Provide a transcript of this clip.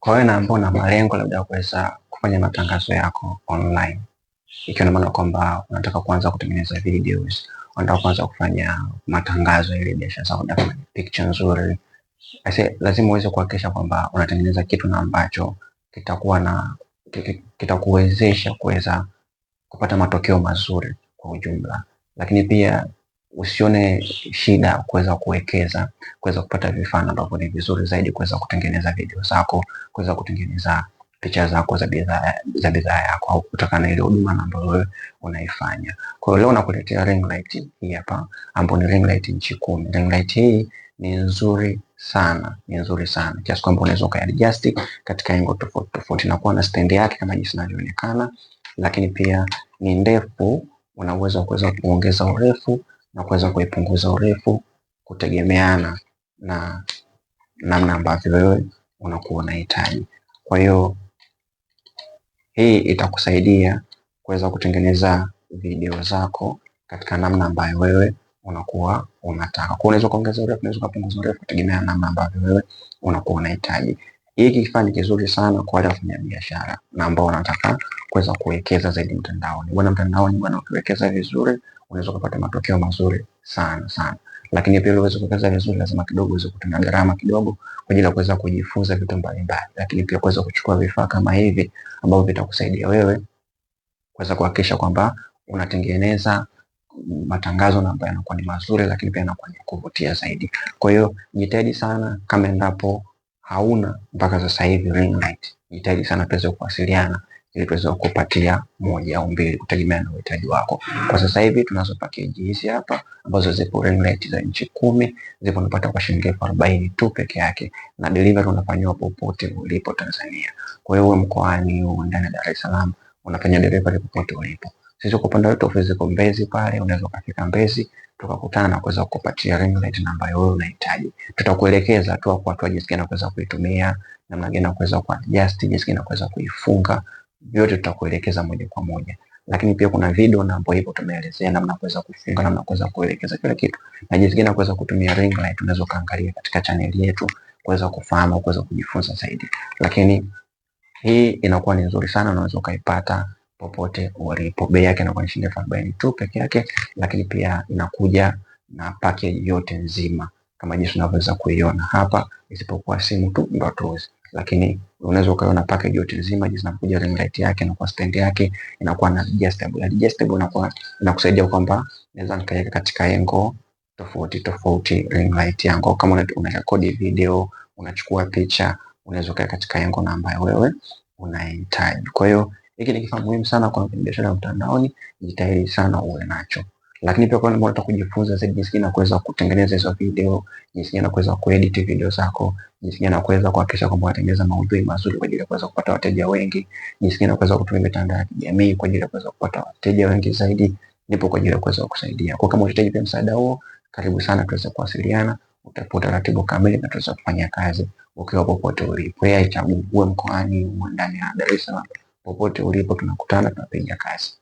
Kwa hiyo na ambao na malengo labda ya kuweza kufanya matangazo yako online, ikiwa na maana kwamba unataka kuanza kutengeneza videos, unataka kuanza kufanya matangazo ile biashara zako, na picture nzuri, basi lazima uweze kuhakikisha kwamba unatengeneza kitu na ambacho kitakuwa na kitakuwezesha kuweza kupata matokeo mazuri kwa ujumla, lakini pia usione shida kuweza kuwekeza, kuweza kupata vifaa ambavyo ni vizuri zaidi, kuweza kutengeneza video zako, kuweza kutengeneza picha zako za bidhaa za bidhaa yako au kutokana ile huduma ambayo wewe unaifanya. Kwa hiyo leo nakuletea ring light hii hapa ambayo ni ring light nchi kumi. Ring light hii ni nzuri sana, ni nzuri sana kiasi kwamba unaweza ukaadjust katika angle tofauti tofauti na kuwa na stand yake kama jinsi inavyoonekana, lakini pia ni ndefu, una uwezo wa kuweza kuongeza urefu na kuweza kuipunguza urefu kutegemeana na namna ambavyo wewe unakuwa unahitaji. Kwa hiyo hii itakusaidia kuweza kutengeneza video zako katika namna ambayo wewe unakuwa unataka. Kwa unaweza kuongeza urefu, unaweza kupunguza urefu kutegemea namna ambavyo wewe unakuwa unahitaji. Hiki kifaa ni kizuri sana kwa wale wafanya biashara na ambao wanataka kuweza kuwekeza zaidi mtandaoni. Bwana mtandaoni, bwana ukiwekeza vizuri unaweza kupata matokeo mazuri sana sana. Lakini pia uweze kukaza vizuri, lazima kidogo uweze kutumia gharama kidogo kwa ajili ya kuweza kujifunza vitu mbalimbali, lakini pia kuweza kuchukua vifaa kama hivi ambavyo vitakusaidia wewe kuweza kuhakikisha kwamba unatengeneza matangazo na ambayo yanakuwa ni mazuri, lakini pia yanakuwa ni kuvutia zaidi. Kwa hiyo jitahidi sana, kama endapo hauna mpaka sasa hivi ring jitahidi sana tuweze kuwasiliana ili tuweze kukupatia moja au mbili kutegemea na uhitaji wako. Kwa sasa hivi tunazo package hizi hapa ambazo zipo ringleti za nchi kumi, zipo unapata kwa shilingi elfu arobaini tu peke yake, na delivery unafanywa popote ulipo Tanzania. Kwa hiyo mkoani, ndani ya Dar es Salaam, unafanya delivery popote ulipo. Sisi kwa upande wetu ofisi ziko Mbezi pale, unaweza kufika Mbezi tukakutana na kuweza kukupatia ringlet ambayo wewe unahitaji. Tutakuelekeza tu kwa watu jinsi gani kuweza kuitumia, namna gani kuweza kuadjust, jinsi gani kuweza kuifunga vyote tutakuelekeza moja kwa moja, lakini pia kuna video na hapo hivyo tumeelezea namna kuweza kufunga, namna kuweza kuelekeza kila kitu na jinsi gani kuweza kutumia ring light. Unaweza kaangalia katika channel yetu kuweza kufahamu, kuweza kujifunza zaidi, lakini hii inakuwa ni nzuri sana, unaweza ukaipata popote ulipo. Bei yake inakuwa ni shilingi elfu arobaini tu peke yake, lakini pia inakuja na package yote nzima kama jinsi unavyoweza kuiona hapa, isipokuwa simu tu ndio tuuzi lakini unaweza ukaona package yote nzima jinsi inakuja, ring light yake na kwa stand yake inakuwa na adjustable. Adjustable inakuwa inakusaidia kwamba naweza nikaweka katika engo tofauti tofauti ring light yangu, kama unarekodi video, unachukua picha, unaweza ukaweka katika engo na ambayo wewe unahitaji. Kwa hiyo hiki ni kifaa muhimu sana kwa biashara ya mtandaoni, jitahidi sana uwe nacho lakini pia kama unataka kujifunza zaidi jinsi gani unaweza kutengeneza hizo video, jinsi gani unaweza kuedit video zako, jinsi gani unaweza kuhakikisha kwamba unatengeneza maudhui mazuri kwa ajili ya kuweza kupata wateja wengi, jinsi gani unaweza kutumia mitandao ya kijamii kwa ajili ya kuweza kupata wateja wengi zaidi, nipo kwa ajili ya kuweza kukusaidia. Kwa kama unahitaji pia msaada huo, karibu sana tuweze kuwasiliana, utapata utaratibu kamili na tuweza kufanya kazi ukiwa popote ulipo, Yeye yaani chaguo mkoani, uwe ndani ya Dar es Salaam, popote ulipo tunakutana, tunapiga kazi.